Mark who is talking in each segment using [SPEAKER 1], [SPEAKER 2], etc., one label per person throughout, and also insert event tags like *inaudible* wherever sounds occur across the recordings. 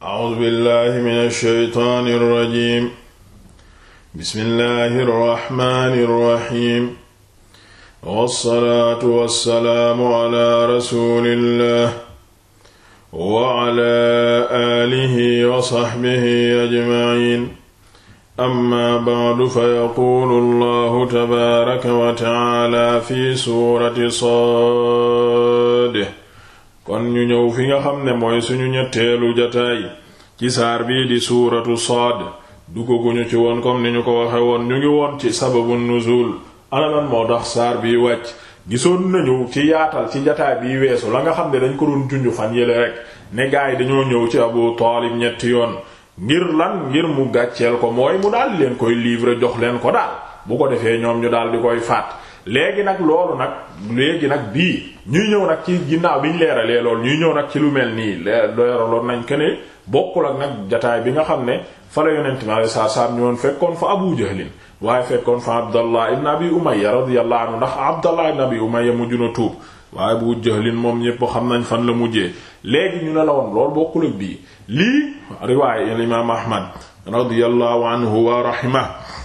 [SPEAKER 1] aus billahi min alsheytaani alrajim bismillahi alraxmaani alraxim wassalaatu wassalaamu ala rasulillah wa ala aalihi wa saxbihi ajmaciin amma bacdu fa yaquulu allahu tabaaraka wa tacaala fi suurati saad kon ñu ñëw fi nga xam ne mooy suñu ñetteelu jataay ci saar bii di suuratu saad duggaguñu ci woon comme ni ñu ko waxe woon ñu ngi woon ci sababu nuzul analan moo tax saar bii wàcc gisoon nañu ci yaatal ci jataay bii weesu la nga xam ne dañ ko doon junj fan yële rek ne gaay dañoo ñëw ci abu taalib ñetti yoon ngir lan ngir mu gàcceel ko mooy mu daal leen koy livrer jox leen ko daal bu ko defee ñoom ñu daal di koy faat léegi nag loolu nag léegi nag bii ñuy ñëw nag ci ginnaaw bi ñu leeralee lool ñuy ñëw nag ci lu mel nii leeraloon nañ que bokkul ak nag jataay bi nga xam ne fa la yonent mi alayhi salaatu salaam ñëwoon fekkoon fa Abu Jahlin waaye fekkoon fa Abdallah ibn Abi Umayya radiyallahu anhu ndax Abdallah ibn Abi Umayya mujj na tuub waaye Abu Jahlin moom ñépp xam nañ fan la mujjee léegi ñu ne la woon loolu bokkul ak bii lii riwaaya imaam Ahmad radiyallahu anhu wa rahimahu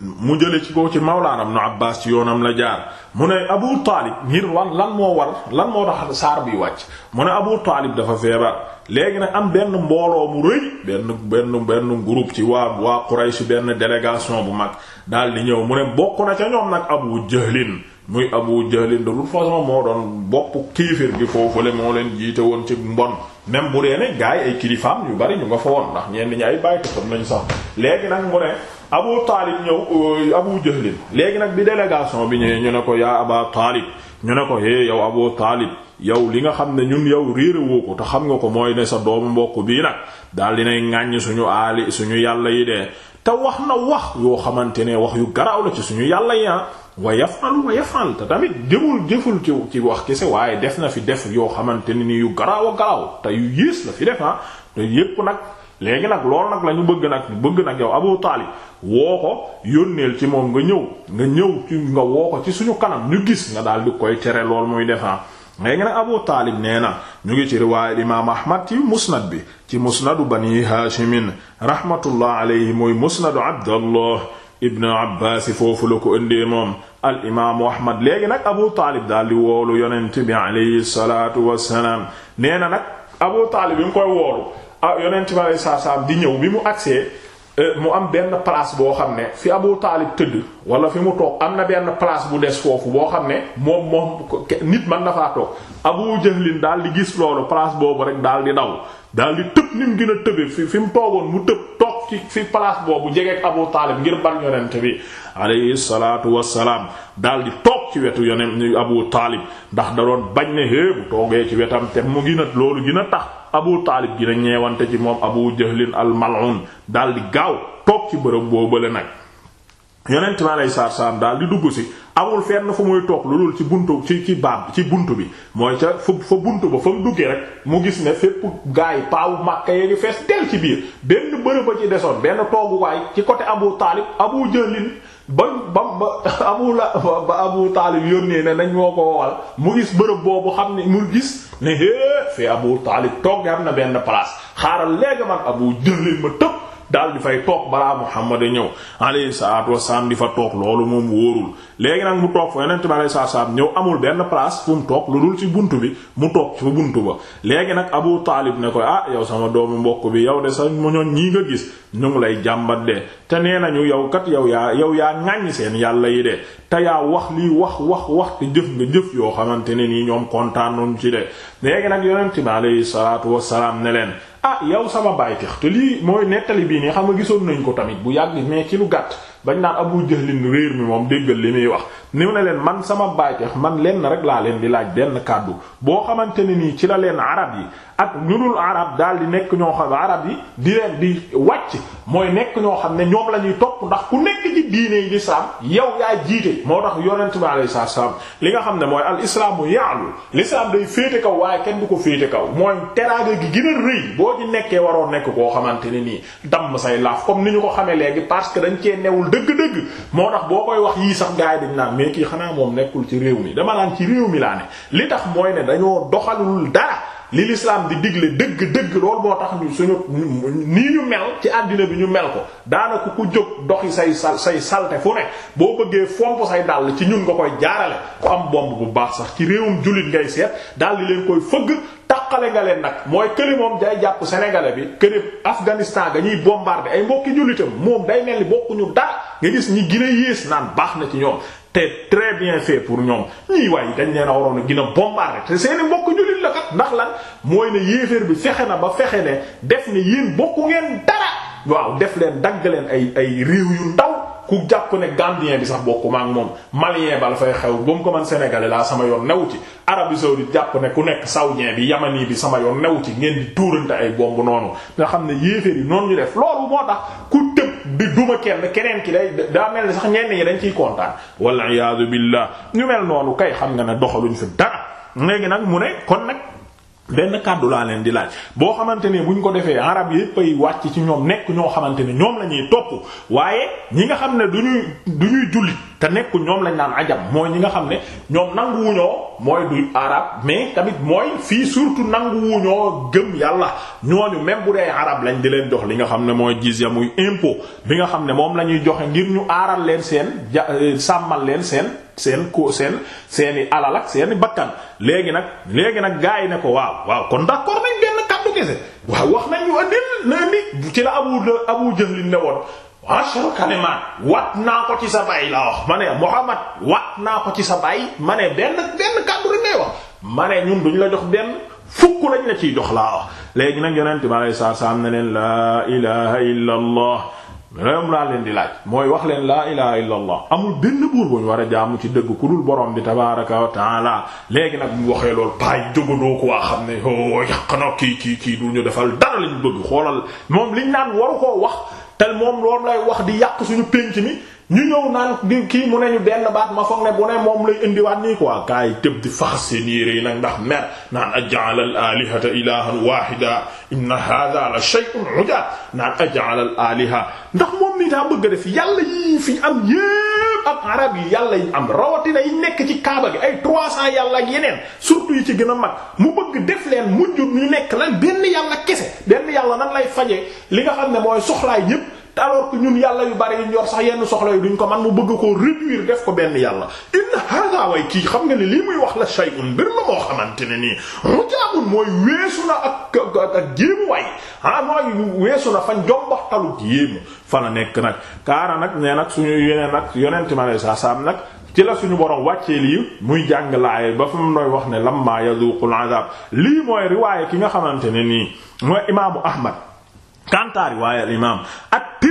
[SPEAKER 1] mu jële ci ko ci mawlaana ibnu Abbaas ci yoonam la jaar mu ne Abu Taalib ngir wan lan moo war lan moo tax saar bi wàcc mu ne Abu Taalib dafa feebar léegi nag am benn mbooloo mu rëy benn benn benn groupe ci waa waa Quraysh benn délégation bu mag daal di ñëw mu ne bokk na ca ñoom nag Abu Jahlin muy Abu Jahlin de toute façon moo doon bopp kiifir gi foofule moo leen jiite woon ci mbon même bu dee ne gars ay kilifaam yu bari ñu nga fa woon ndax ñenn ñi ay bàyyi ko nañ sax. léegi nag mu ne Abu Taalib ñëw euh, Abu Jahlin léegi nag bi délégation bi ñëwee ñu ne ko yaa Aba Taalib ñu ne ko hé yow Abu Taalib yow li nga xam ne ñun yow réere woo te xam nga ko mooy ne sa doomu mbokk bii nag daal dinay ŋàññ suñu aali suñu yàlla yi de te wax na wax yoo xamante ne wax yu garaaw la ci suñu yàlla yi ah. wa yafal wa yafal te tamit jëmul jëful ci ci wax kese waaye def na fi def yoo xamante ne ni yu garaaw a garaaw te yu yées la fi def ah. nag léegi nag lool nag lañu bëgg nag bëgg nag yow Abu Taalib woo ko yónneel ci moom nga ñëw nga ñëw ci nga woo ci suñu kanam ñu gis nga daal di koy tere lool muy defaa ah. léegi nag Abu Taalib nee na ñu ngi ci riwaayé imaam Ahmad ci musnad bi ci musnadu bani haashimin rahmatullah alayhi mooy musnadu Abdallah ibn Abbaas foofu la ko ëndee moom al imaamu Ahmad léegi nag Abu Taalib daal di woolu yonent bi alayhi salaatu wassalaam nee na nag Abu Taalib bi nga koy ah yonent bi aleyhi salaatu di ñëw bi mu agsee eh, mu am benn place boo xam ne fi Abu Taalib tëdd wala fi mu toog am na benn place bu des foofu boo xam ne moom moom nit mën na faa toog Abu Jahlin daal di gis loolu place boobu rek daal di daw daal di tëb ni mu gën a tëbe fi fi mu toogoon mu tëb toog ci fi place boobu jegeeg Abu Taalib ngir ban yonent bi aleyhi salaatu wassalaam daal di toog ci wetu yeneen Abu Taalib ndax da doon bañ ne hé bu toogee ci wetam te mu gën a loolu gën a tax Abu Taalib ji a ñeewante ci moom Abu Jahlin al mal'un daldi gaaw toog ci bërëb boobale nag yonent mi alayhi salaatu salaam daal di dugg si amul fenn fu muy toog lu dul ci buntu ci ci baab ci bunt bi mooy ca fa fa buntu ba fa mu duggee rek mu gis ne fépp gaa yi paawu Makka yi ngi fees del ci biir benn bërëb a ci desoon benn tooguwaay ci côté Abu Taalib Abu Jahlin ba ba ba *laughs* abu la ba abu taalib yónnee ne nañ moo ko wowal mu gis bërëb boobu xam ne mu gis ne hé fi abu taalib toog am na benn place xaaral léegi man abu jëlin ma tëb daal di fay toog balaa Muhammad ñëw alayhi salaatu wasalaam di fa toog loolu moom wóorul léegi nag mu toog fa yonent bi alayhi salaatu wasalaam ñëw amul benn place fu mu toog lu dul ci bunt bi mu toog ci fa bunt ba léegi nag Abu Taalib ne ko ah yow sama doomu mbokk bi yow de sa mu ñoon ñii nga gis ñu ngi lay jàmbat de te nee nañu yow kat yow yaa yow yaa ŋàññ seen yàlla yi de te yaa wax lii wax wax wax te jëf nga jëf yoo xamante ne nii ñoom kontaanum ci de léegi nag yonent bi aleyhi salaatu wassalaam ne leen ah yow sama bàytix te lii mooy nettali bii nii xam nga gisoon nañ ko tamit bu yàgg mais ci lu gàtt bañ naan Abu Jahlin réer mi moom déggal li muy wax niw ne leen man sama bàyteex man lenn rek laa leen di laaj benn kàddu boo xamante ne nii ci la leen arab yi ak ñu dul arab daal di nekk ñoo xam arab yi di leen di wàcc mooy nekk ñoo xam ne ñoom la ñuy topp ndax ku nekk ci diine yi lislaam yow yaa jiite moo tax yonent bi alayhi salaam li nga xam ne mooy al islaamu ya'lu lislaam day féete kaw waaye kenn du ko féete kaw mooy teraanga gi gën a rëy boo ci nekkee waroo nekk koo xamante ne nii dam say laaf comme ni ñu ko xamee léegi parce que dañ cee newul dëgg-dëgg moo tax boo koy wax yii sax gaay mais kii xanaa moom nekkul ci réew mi dama naan ci réew mi laa ne li tax mooy ne dañoo doxalul dara li l'islam di digle dëgg-dëgg loolu moo tax ñu suñu nii ñu mel ci àddina bi ñu mel ko daanaka ku jóg doxi say sal say salte fu ne boo bëggee fomp say dàll ci ñun nga koy jaarale ku am bomb bu baax sax ci réewum jullit ngay seet daal di leen koy fëgg taqale nga leen nag mooy këli moom day jàpp sénégalais bi këni Afghanistan ga ñuy bi ay mbokki jullitam moom day mel ni bokkuñu dara nga gis ñi gën yées naan baax na ci ñoom c'est très bien fait pour ñoom ñii waaye dañ leen a waroon a gën a te seeni mbokk jullit la kat ndax lan mooy ne yéeféer bi fexe na ba fexe ne def ne yéen bokku ngeen dara waaw def leen dagg leen ay ay réew yu ndaw ku jàpp ne gambien bi sax bokku ma ak moom malien ba la fay xew ba mu ko man sénégalais laa sama yoon new ci Arabie saoudite jàpp ne ku nekk saoudien bi yamani bi sama yoon new ci ngeen di tuurante ay bomb noonu nga xam ne yéeféer yi noonu ñu def di duma kenn keneen ki day daa mel ni sax ñenn ñi dañ ciy kontaan walla iyaadu billah ñu mel noonu kay xam nga ne doxaluñ fi dara léegi nag mu ne kon nag benn kàddu laa leen di laaj boo xamante ne buñ ko defee arab yépp ay wàcc ci ñoom nekk ñoo xamante ne ñoom la ñuy topp waaye ñi nga xam ne du ñuy du ñuy jullit te nekku ñoom lañ naan ajam mooy ñi nga xam ne ñoom nanguwuñoo mooy du arab mais tamit mooy fii surtout nanguwuñoo gëm yàlla ñooñu même bu dee arab lañ di leen jox li nga xam ne mooy jizya muy impôt bi nga xam ne moom la ñuy joxe ngir ñu aaral leen seen ja euh, sàmmal leen seen seen ko seen seeni alal ak seeni bakkan léegi nag léegi nag gaa yi ne ko waaw waaw kon d'accord nañ benn kàddu kese waaw wax nañ ñu indil na indi ci la abu abu jahlin ne ashru kalimaat wat naa ko ci sa baay laa wax ma Muhammad wat naa ko ci sa baay ma ne benn benn kàddu rek ngay wax ma ñun duñ la jox benn fukk lañ la ciy jox laa wax léegi nag yonent bi alayhi salaam leen laa ilaha illa leen di laaj mooy wax leen laa ilaha illa allah amul benn bu ñu war a jaamu ci dëgg ku borom bi tabaaraka wa léegi nag mu waxee loolu paay jógadoo ko waa xam ne o oh, yàq na kii kii kii du defal dara lañ bëgg xoolal moom liñ naan waru koo wax te moom loolu lay wax di yàq suñu pénc mi ñu ñëw naan di mu ne ñu benn baat ma foog ne bu ne moom lay indiwaat nii quoi gars yi tëb di fax yi nag ndax mer naan aj'ala al alihata ilahan wahida inna hadha la shay'un ujab naan aj'ala al aliha ndax moom ni daa bëgg a def yàlla yi fi am yépp ak arab yi yàlla yi am rawatina yi nekk ci kaaba gi ay 300 yàlla ak yeneen surtout yi ci gën a mag mu bëgg def leen mujj ñu nekk lan benn yàlla yàlla nag lay faje li nga xam ne mooy soxlaay ñépp te alors ñun yàlla yu bari yu ñor sax yenn soxla yu duñ ko man mu bëgg koo réduire def ko benn yàlla inna hada way kii xam nga ni lii muy wax la shay'un mbir la moo xamante ne nii mujaabun mooy weesu na ak ak ak jéemu way ah mooy weesu na fañ jombaxtalu jéemu fa la nekk nag kaara nag nee nag suñu yeneen nag yonent ma lay sa saam nag ci la suñu borom wàccee lii muy jàng laay ba fa mu nooy wax ne lamma yazuqul azab lii mooy riwaaye ki nga xamante ne nii mooy imaamu Ahmad kanta riwaaye al imaam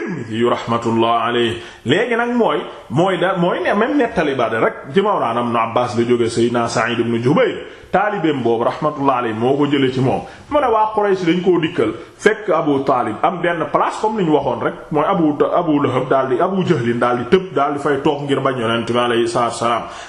[SPEAKER 1] Tirmidhi rahmatullah alayhi léegi nag mooy mooy da mooy ne même nettali ba de rek ci Mawlana Ibn Abbas la jóge Seydina Sa'id ibn Jubayr taalibeem boobu rahmatullah alayhi moo ko jëlee ci moom mu ne waa Quraysh koo dikkal fekk Abu Taalib am benn place comme li ñu waxoon rek mooy Abu Abu Lahab daal di Abu Jahlin daal di tëb daal di fay toog ngir bañ yonent bi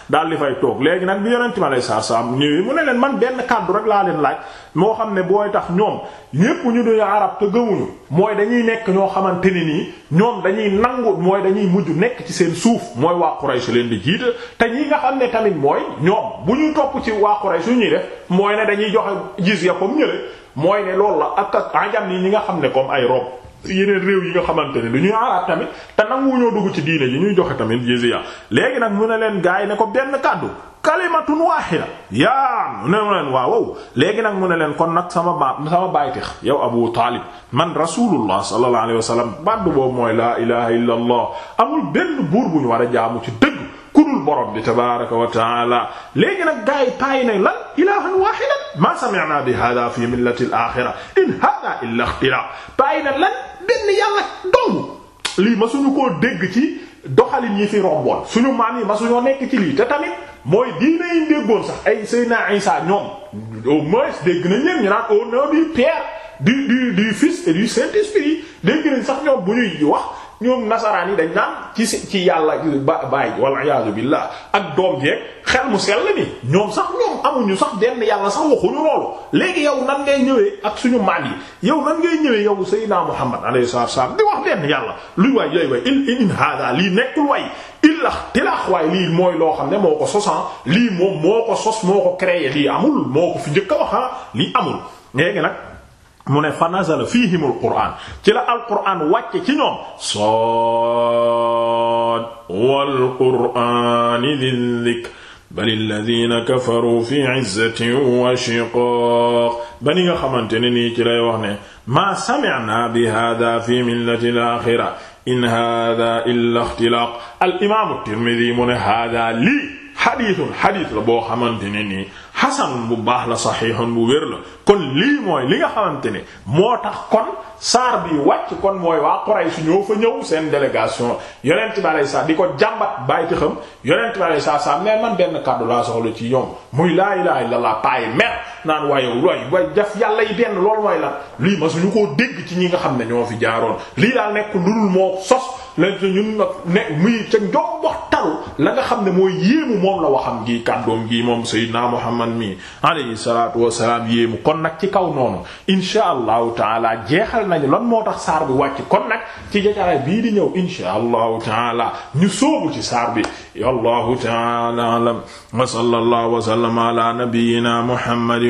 [SPEAKER 1] daal di toog léegi nag bi yonent bi alayhi salaatu salaam ñëwee mu leen man benn kàddu rek laa leen laaj moo xam ne booy tax ñoom ñépp ñu duñu arab te gëmuñu mooy dañuy nekk ñoo xamante ne nii ñoom dañuy nangu mooy dañuy mujj nekk ci seen suuf mooy waa Quraysh leen di jiita te ñi nga xam ne tamit mooy ñoom bu ñu topp ci waa Quraysh yu ñuy def mooy ne dañuy joxe jizya comme ñële mooy ne loolu la ak ak ajam yi ñi nga xam ne comme ay rob yeneen réew yi nga xamante ne du ñuy araab tamit te nangu ñoo dugg ci diine ji ñuy joxe tamit jizya léegi nag mu na leen gaay ne ko benn kàddu kalimatun wahida yaa mu ne leen waaw léegi nag mu ne leen kon nag sama ba sama bàytix yow Abu Taalib man rasulullah sallallahu alayhi wa sallam bàddu boobu mooy laa ilaha illa allah amul benn buur bu ñu war a jaamu ci dëgg kudul borom bi tabaaraka wa taala léegi nag gaa yi paay nañ lan ilaahan waahidan bi haadaa fi millati al in haadaa illaa ixtilaa paay nañ lan benn yàlla dong lii ma suñu koo dégg ci doxalin yi fi romboon suñu maam yi ma suñoo nekk ci lii te tamit mooy diine yi déggoon sax ay Seydina Isa ñoom au moins dégg nañ leen ñu naan au nom du du du du du Saint-Esprit dégg nañ sax ñoom bu ñuy wax. ñoom nasaraan yi dañ naan ci ci yàlla ba bàyyi wal iyaazu billah ak doom jeeg xel mu sell ni ñoom sax ñoom amuñu sax denn yàlla sax waxuñu loolu léegi yow nan ngay ñëwee ak suñu maam yi yow nan ngay ñëwee yow Seydina Muhammad alayhi salaam di wax denn yàlla luy waay yooyu waay il in hada lii nekkul waay illax tilaax waay lii mooy loo xam ne moo ko sosan ah. lii moom moo ko sos moo ko créé lii amul moo ko fi njëkk a wax ah. lii amul léegi mu ne fa nazala fiihimul quraan ci la al quraan wàcce ci ñoom saad wal quraani di dikr bal alladina kafaru fi izzatin wa shiqaaq ba ni nga xamante ne nii ci lay wax ne maa sami'naa bi haadaa fi millati al-aaxira in haadaa illaa ixtilaaq al imaamu Tirmidi mu ne haadaa lii xadiisun xadiis la boo xamante ne nii xasanun bu baax la saxiixun bu wér la kon lii mooy li nga xamante ne moo tax kon saar bi wàcc kon mooy waa su ñoo fa ñëw seen délégation yonent bi saa di ko jàmbat bàyyi ci xam yonent bi saa saa mais man benn kàddu laa soxla ci yow muy laa la illallaah paay mer naan waaye looy way jaf yàlla yi benn loolu mooy la lii ma suñu koo dégg ci ñi nga xam ne ñoo fi jaaroon lii daal nekk lu dul moo sos. la ñun nag ne muy ca njombox taru la nga xam ne mooy yéemu moom la waxam gi kàddoom gi moom Seydina Muhammad mi alayhi salaatu kon nag ci kaw noonu insha allahu taala jeexal nañu lan moo tax saar bi wàcc kon nag ci jajaraay bii di ñëw insha allahu taala ñu sóobu ci saar bi wallahu taala alam wa sallallahu wa sallama ala nabiyyina Muhammad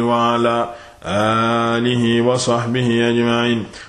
[SPEAKER 1] alihi wa sahbihi ajma'in